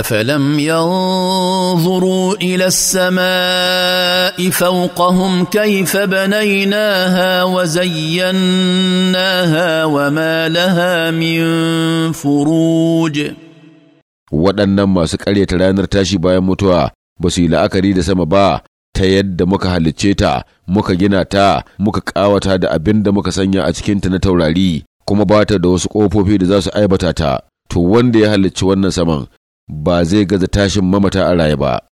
افلم ينظروا الى السماء فوقهم كيف بنيناها وزيناها وما لها من فروج waɗannan masu ƙaryata ranar tashi bayan mutuwa ba su yi la'akari da sama ba ta yadda muka halicce ta muka gina ta muka ƙawata da abin da muka sanya a cikinta na taurari kuma ba ta da wasu ƙofofi da za su aibata ta to wanda ya halicci wannan saman ba zai gaza tashin mamata a raye ba